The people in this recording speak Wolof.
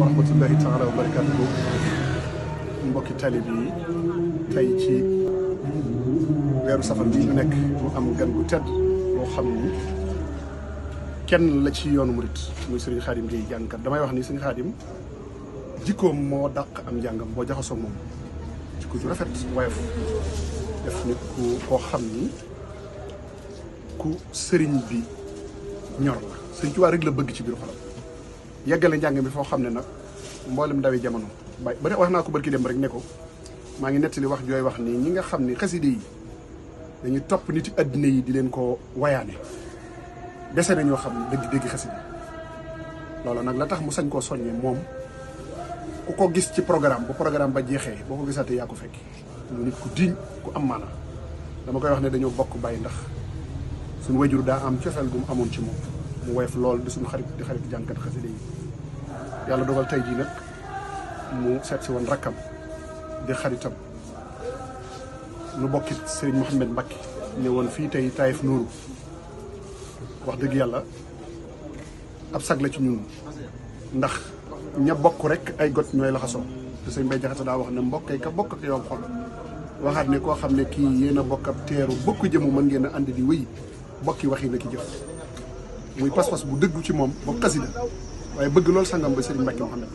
wa rahmatullahi taala wa barakatuhu mbokki tali bi ci weeru safar bi ñu nekk mu am gan gu tedd boo xam kenn la ci yoonu murit muy sëriñ xaadim ngay jàngkat damay wax ni am rafet def nit ku koo xam ku sëriñ bi ñor la rek la bëgg ci biir xolam yeggale njàng mi foo xam ne nag mboolem ndawi jamono ba ba wax naa ko ki dem rek ne ko maa ngi nettali wax jooy wax nii ñi nga xam ne xaside yi dañuy topp nit addina yi di leen koo wayaane dese na ñoo xam ne dëgg-dëgg xaside loolu nag la tax mu sañ koo soññee moom ku ko gis ci programme bu programme ba jeexee boo ko gisaatee yaa ko fekke lu nit ku diñ ku am maana dama koy wax ne dañoo bokk bàyyi ndax suñu wajur daa am cofeel gu mu amoon ci moom bu woyof lool di suñu xarit di xarit jànkat xasida yi yàlla dogal tey jii nag mu seet si woon rakkam di xaritam nu bokkit Serigne Mouhamed Mbacke ñëwoon fii tey Taïf Nourou wax dëgg yàlla ab sag la ci ñun ndax ña bokk rek ay got ñooy laxasoo te sëñ Mbaye Jaxate daa wax ne mbokk ka bokk ak yow xol waxaat ne koo xam ne kii yéen a teeru bokk jëmu mën ngeen a ànd di wéy bokki waxi na ki jëf muy pas-pas bu dëggu ci moom ba xasida waaye bëgg loolu sangam ba Serigne Mbacke Mouhamed